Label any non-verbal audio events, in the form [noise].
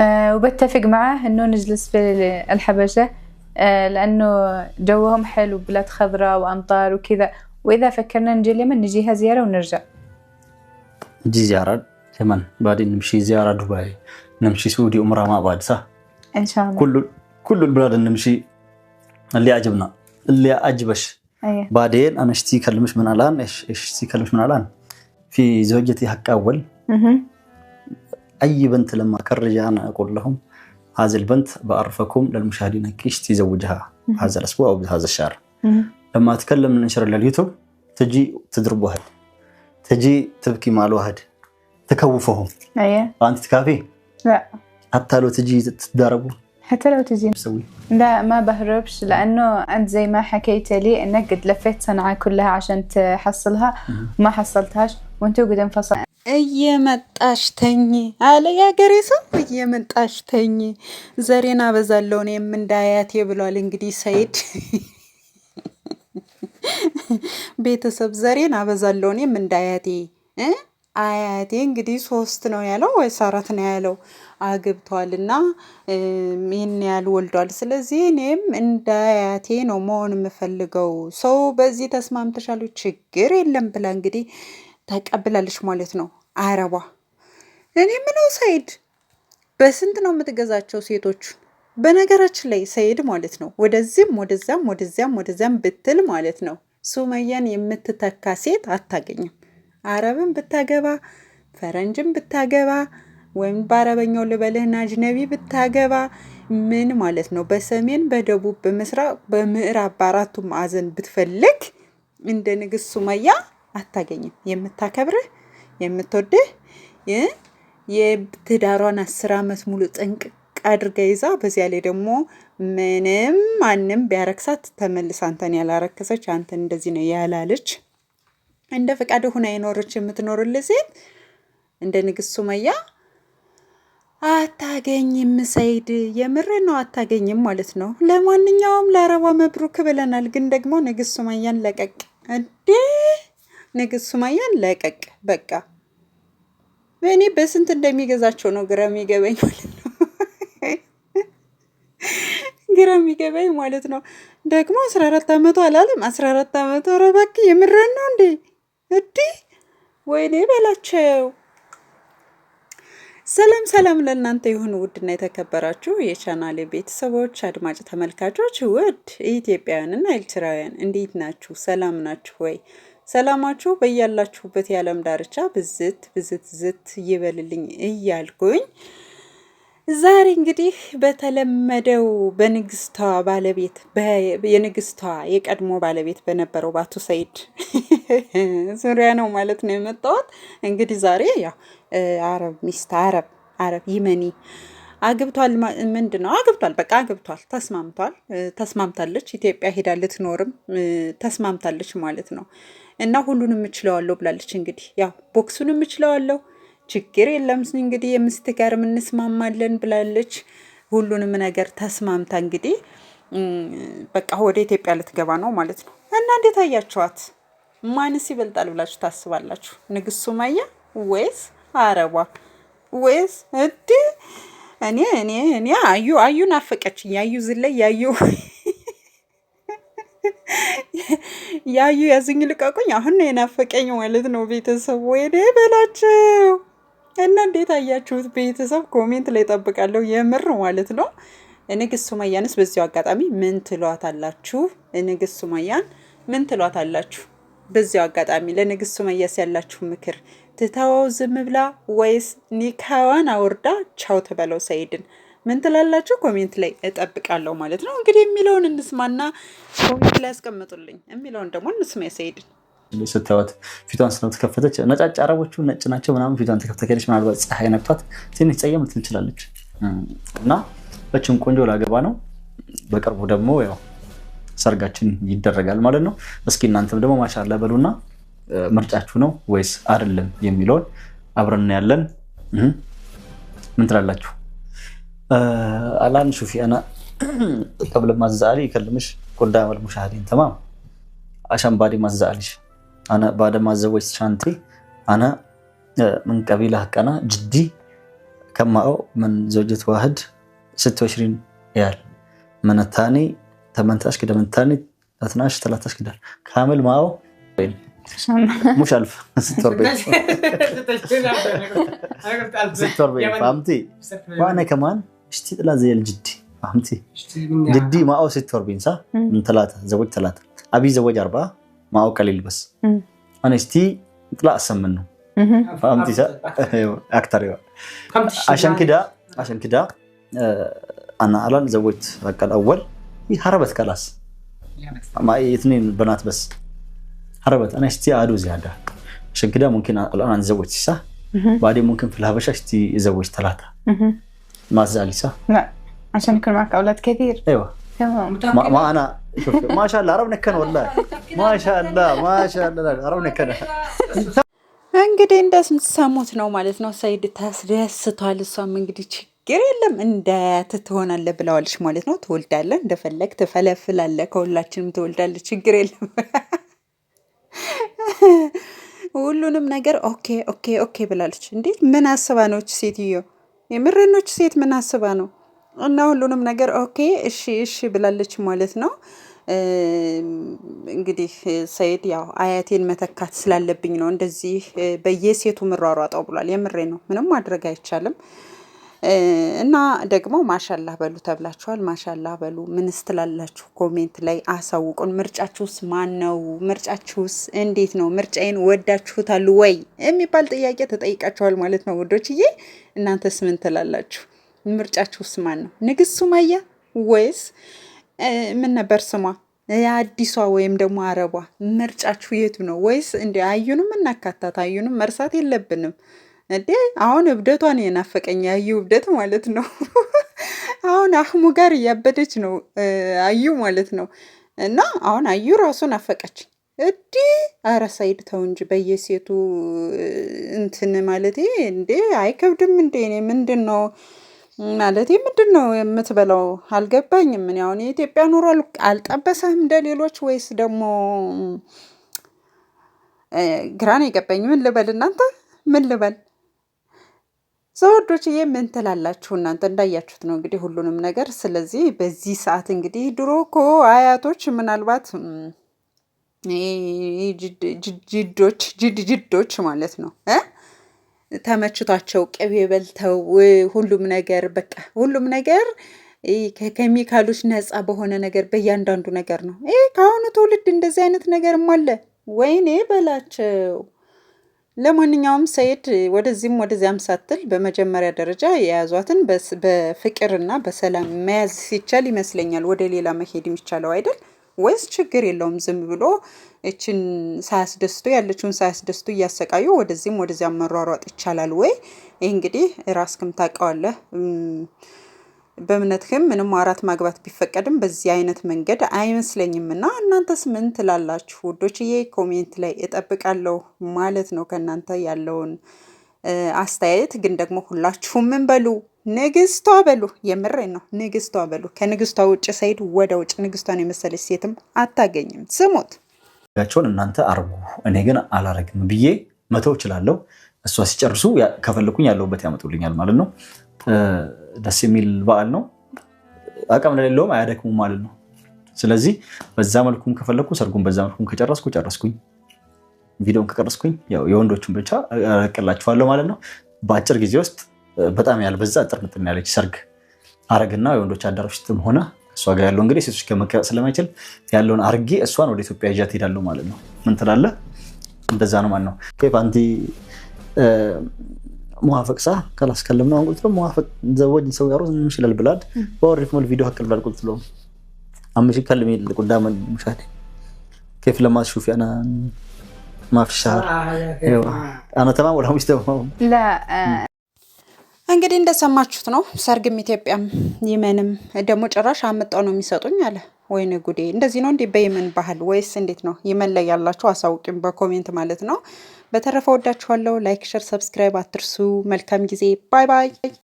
آه، وبتفق معاه انه نجلس في الحبشه أه لانه جوهم حلو بلاد خضراء وامطار وكذا واذا فكرنا نجي اليمن نجيها زياره ونرجع نجي زياره اليمن بعدين نمشي زياره دبي نمشي سعودي عمره ما بعد صح ان شاء الله كل كل البلاد نمشي اللي عجبنا اللي عجبش أيه. بعدين انا اشتي كلمش من الان ايش اشتي كلمش من الان في زوجتي حق اول أي بنت لما أكرج أنا أقول لهم هذه البنت بعرفكم للمشاهدين كيش تزوجها هذا الأسبوع أو هذا الشهر لما أتكلم ننشر لليوتيوب تجي تضرب واحد تجي تبكي مع الواحد تكوفهم أيه أنت تكافي؟ لا حتى لو تجي تتداربوا حتى لو تجي تسوي لا ما بهربش لانه انت زي ما حكيت لي انك قد لفيت صنعاء كلها عشان تحصلها وما حصلتهاش وانت قد انفصل እየመጣሽ ተኝ አለ የሀገሬ ሰው እየመጣሽ ተኝ ዘሬን አበዛለሁ እኔም እንደ አያቴ ብሏል። እንግዲህ ሰይድ ቤተሰብ ዘሬን አበዛለሁ እኔም እንደ አያቴ አያቴ እንግዲህ ሶስት ነው ያለው ወይስ አራት ነው ያለው? አግብቷል እና ይህን ያህል ወልዷል። ስለዚህ እኔም እንደ አያቴ ነው መሆን የምፈልገው። ሰው በዚህ ተስማምተሻሉ ችግር የለም ብላ እንግዲህ ተቀብላለች ማለት ነው። አረቧ እኔ ምነው ሰይድ በስንት ነው የምትገዛቸው ሴቶቹ? በነገራችን ላይ ሰይድ ማለት ነው ወደዚህም ወደዚያም ወደዚያም ወደዚያም ብትል ማለት ነው ሱመያን የምትተካ ሴት አታገኝም። አረብም ብታገባ ፈረንጅን ብታገባ ወይም በአረበኛው ልበልህና አጅነቢ ብታገባ ምን ማለት ነው በሰሜን በደቡብ በምስራቅ በምዕራብ በአራቱም ማዕዘን ብትፈልግ እንደ ንግስት ሱመያ አታገኝም። የምታከብርህ የምትወድህ የትዳሯን አስር አመት ሙሉ ጥንቅቅ አድርጋ ይዛ በዚያ ላይ ደግሞ ምንም ማንም ቢያረክሳት ተመልስ አንተን ያላረከሰች አንተን እንደዚህ ነው ያላለች እንደ ፈቃድ ሁና የኖረች የምትኖርልህ ሴት እንደ ንግስት ሱመያ አታገኝም። ሰይድ የምር ነው አታገኝም ማለት ነው። ለማንኛውም ለአረባ መብሩክ ብለናል። ግን ደግሞ ንግስት ሱመያን ለቀቅ እንዴ ንግስት ሱማያን ለቀቅ በቃ። እኔ በስንት እንደሚገዛቸው ነው ግራ የሚገባኝ ማለት ነው። [laughs] ግራ የሚገባኝ ማለት ነው። ደግሞ አስራ አራት አመቱ አላለም። አስራ አራት አመቱ ኧረ እባክህ የምረን ነው እንዴ? እዲህ ወይኔ በላቸው። ሰላም ሰላም ለእናንተ የሆኑ ውድና የተከበራችሁ የቻናል ቤተሰቦች አድማጭ ተመልካቾች፣ ውድ ኢትዮጵያውያንና ኤርትራውያን እንዴት ናችሁ? ሰላም ናችሁ ወይ? ሰላማችሁ በያላችሁበት የዓለም ዳርቻ ብዝት ብዝት ዝት ይበልልኝ እያልኩኝ ዛሬ እንግዲህ በተለመደው በንግስቷ ባለቤት የንግስቷ የቀድሞ ባለቤት በነበረው በአቶ ሰይድ [laughs] ዙሪያ ነው ማለት ነው የመጣሁት። እንግዲህ ዛሬ ያው አረብ ሚስት አረብ አረብ ይመኒ አግብቷል። ምንድን ነው አግብቷል፣ በቃ አግብቷል፣ ተስማምቷል፣ ተስማምታለች። ኢትዮጵያ ሄዳ ልትኖርም ተስማምታለች ማለት ነው። እና ሁሉንም እችለዋለሁ ብላለች። እንግዲህ ያው ቦክሱንም እችለዋለሁ፣ ችግር የለም እንግዲህ የምስት ጋር እንስማማለን ብላለች። ሁሉንም ነገር ተስማምታ እንግዲህ በቃ ወደ ኢትዮጵያ ልትገባ ነው ማለት ነው። እና እንዴት አያችኋት? ማንስ ይበልጣል ብላችሁ ታስባላችሁ? ንግስት ሱመያ ወይስ አረቧ ወይስ እድ እኔ እኔ እኔ አዩ አዩ ናፈቀችኝ። ያዩ ዝለይ [laughs] ያዩ ያዩ ያዝኝ ልቀቁኝ። አሁን ነው የናፈቀኝ ማለት ነው። ቤተሰብ ወይኔ በላቸው እና እንዴት አያችሁት? ቤተሰብ ኮሜንት ላይ ጠብቃለሁ። የምር ማለት ነው። ንግስት ሱመያንስ በዚሁ አጋጣሚ ምን ትሏት አላችሁ? ንግስት ሱመያን ምን ትሏት አላችሁ? በዚሁ አጋጣሚ ለንግስት ሱመያስ ያላችሁ ምክር ትታወው ዝም ብላ ወይስ ኒካዋን አውርዳ ቻው ትበለው ሰይድን ምን ትላላችሁ? ኮሜንት ላይ እጠብቃለሁ ማለት ነው። እንግዲህ የሚለውን እንስማና ኮሜንት ላይ ያስቀምጡልኝ። የሚለውን ደግሞ እንስማ የሰይድን ስታዩት ፊቷን ስለተከፈተች ነጫጭ አረቦቹ ነጭ ናቸው ምናምን ፊቷን ተከፍተከለች። ምናልባት ፀሐይ ነብቷት ትንሽ ጸየም ልትል ትችላለች። እና በችን ቆንጆ ላገባ ነው። በቅርቡ ደግሞ ያው ሰርጋችን ይደረጋል ማለት ነው። እስኪ እናንተም ደግሞ ማሻላ በሉና ምርጫችሁ ነው ወይስ አይደለም የሚለውን አብረን ያለን። ምን ትላላችሁ? አላን ሹፊያና አና ቀብለ ማዛሊ ይከልምሽ ቁዳም አልሙሻሂዲን ተማም አሻን ባዲ ማዛሊሽ አና ባደ ማዘወጅ ሻንቲ አና ምን ቀቢላ ሀቀና ጅዲ ከማኦ ምን ዘውጀት ዋህድ ስት ወሽሪን ያል መነታኒ ተመንታሽ ክደመንታኒ ተትናሽ ተላታሽ ክዳል ካምል ማኦ [laughs] مش 1000 46 [laughs] انا 46 فهمتي؟ وانا كمان اشتيت لا زي الجدي فهمتي؟ جدي معه 46 صح؟ من ثلاثه زوج ثلاثه ابي زوج اربعه معه قليل بس انا اشتي طلع احسن منه فهمتي صح؟ [laughs] ايوه اكثر ايوه عشان كده عشان كده آه، انا الان زوجت الاول هربت كلاس معي اثنين بنات بس عربت انا اشتي عدو زياده عشان كده ممكن الان اتزوج صح؟ بعدين ممكن في الهبشه اشتي ازوج ثلاثه ما تزعلي صح؟ لا عشان يكون معك اولاد كثير ايوه تمام ما, ما انا شوف ما شاء الله عربنا كان والله ما شاء الله ما شاء الله عربنا كان እንግዲህ እንደምትሰሙት ነው ማለት ነው። ሰይድ ታስደስቷል። እሷም እንግዲህ ችግር የለም እንዳያት ትሆናለህ ብለዋለች ማለት ነው። ትወልዳለህ፣ እንደፈለግ ትፈለፍላለህ፣ ከሁላችንም ትወልዳለህ፣ ችግር የለም ሁሉንም ነገር ኦኬ ኦኬ ኦኬ ብላለች። እንዴት ምን አስባ ነች ሴትዮ? የምሬኖች ሴት ምን አስባ ነው? እና ሁሉንም ነገር ኦኬ እሺ እሺ ብላለች ማለት ነው። እንግዲህ ሰይድ ያው አያቴን መተካት ስላለብኝ ነው እንደዚህ በየሴቱ ምሯሯጠው ብሏል። የምሬ ነው። ምንም ማድረግ አይቻልም። እና ደግሞ ማሻላህ በሉ ተብላችኋል። ማሻላህ በሉ ምን ስትላላችሁ? ኮሜንት ላይ አሳውቁን። ምርጫችሁስ ማን ነው? ምርጫችሁስ እንዴት ነው? ምርጫዬን ወዳችሁታል ወይ የሚባል ጥያቄ ተጠይቃችኋል ማለት ነው ውዶችዬ። እናንተስ ምን ትላላችሁ? ምርጫችሁስ ማን ነው? ንግስት ሱመያ ወይስ ምን ነበር ስሟ የአዲሷ ወይም ደግሞ አረቧ? ምርጫችሁ የቱ ነው? ወይስ እንዲ አዩንም እናካታት፣ አዩንም መርሳት የለብንም። እንዴ አሁን እብደቷን የናፈቀኝ ያዩ እብደት ማለት ነው። [laughs] አሁን አህሙ ጋር እያበደች ነው አዩ ማለት ነው። እና አሁን አዩ ራሱ ናፈቀች። እዲ አረ ሳይድ ተው እንጂ በየሴቱ እንትን ማለት እንዴ አይከብድም እንዴ? እኔ ምንድን ነው ማለት ምንድን ነው የምትበላው አልገባኝም። ምን አሁን የኢትዮጵያ ኑሮ አልጠበሰህም እንደ ሌሎች ወይስ ደግሞ ግራን ነው የገባኝ። ምን ልበል እናንተ ምን ልበል? ሰወዶችዬ ምን ትላላችሁ እናንተ? እንዳያችሁት ነው እንግዲህ ሁሉንም ነገር። ስለዚህ በዚህ ሰዓት እንግዲህ ድሮ እኮ አያቶች ምናልባት ጅዶች ጅድጅዶች ማለት ነው ተመችቷቸው ቅቤ በልተው ሁሉም ነገር በቃ ሁሉም ነገር ከኬሚካሎች ነፃ በሆነ ነገር በእያንዳንዱ ነገር ነው። ከአሁኑ ትውልድ እንደዚህ አይነት ነገርም አለ። ወይኔ በላቸው። ለማንኛውም ሰይድ ወደዚህም ወደዚያም ሳትል በመጀመሪያ ደረጃ የያዟትን በፍቅርና በሰላም መያዝ ሲቻል ይመስለኛል ወደ ሌላ መሄድ የሚቻለው አይደል? ወይስ ችግር የለውም ዝም ብሎ እችን ሳያስደስቱ ያለችውን ሳያስደስቱ እያሰቃዩ ወደዚህም ወደዚያም መሯሯጥ ይቻላል ወይ? ይህ እንግዲህ ራስክም ታውቀዋለህ። በእምነትህም ምንም አራት ማግባት ቢፈቀድም በዚህ አይነት መንገድ አይመስለኝም። እና እናንተስ ምን ትላላችሁ ውዶችዬ? ኮሜንት ላይ እጠብቃለሁ ማለት ነው ከእናንተ ያለውን አስተያየት። ግን ደግሞ ሁላችሁም ምን በሉ ንግስቷ በሉ፣ የምሬ ነው ንግስቷ በሉ። ከንግስቷ ውጭ ሰይድ ወደ ውጭ ንግስቷን የመሰለች ሴትም አታገኝም። ስሙት ጋቸውን እናንተ አርጉ፣ እኔ ግን አላረግም ብዬ መተው እችላለሁ። እሷ ሲጨርሱ ከፈለኩኝ ያለሁበት ያመጡልኛል ማለት ነው። ደስ የሚል በዓል ነው። አቅም ለሌለውም አያደክሙ ማለት ነው። ስለዚህ በዛ መልኩም ከፈለግኩ ሰርጉን በዛ መልኩም ከጨረስኩ ጨረስኩኝ፣ ቪዲዮን ከቀረስኩኝ የወንዶቹን ብቻ እለቅላችኋለሁ ማለት ነው። በአጭር ጊዜ ውስጥ በጣም ያልበዛ አጥር ምጥን ያለች ሰርግ አረግና የወንዶች አዳራሽ ውስጥም ሆነ እሷ ጋር ያለው እንግዲህ ሴቶች ከመቀረጥ ስለማይችል ያለውን አርጌ እሷን ወደ ኢትዮጵያ ይዣት ሄዳለሁ ማለት ነው። ምን ትላለህ? እንደዛ ነው ማለት ነው። ፓንቲ መዋፈቅ ሳ ካላስከለም ነው አንቁልትሎ መዋፈቅ ዘወጅ ሰው ጋር ዝም ብላድ በወሪፍ ሞል ቪዲዮ ሀቅል ብላል ቁልትሎ አምሽ ከልም ቁዳመ كيف لما تشوفي انا ما في الشهر ايوه انا تمام ولا مش تمام لا እንግዲህ እንደሰማችሁት ነው። ሰርግም ኢትዮጵያም የመንም ደግሞ ጭራሽ አምጣው ነው የሚሰጡኝ አለ ወይኔ ጉዴ! እንደዚህ ነው እንዴ? በየመን ባህል ወይስ እንዴት ነው? የመን ላይ ያላችሁ አሳውቂም በኮሜንት ማለት ነው። በተረፈ ወዳችኋለሁ። ላይክ፣ ሸር፣ ሰብስክራይብ አትርሱ። መልካም ጊዜ። ባይ ባይ።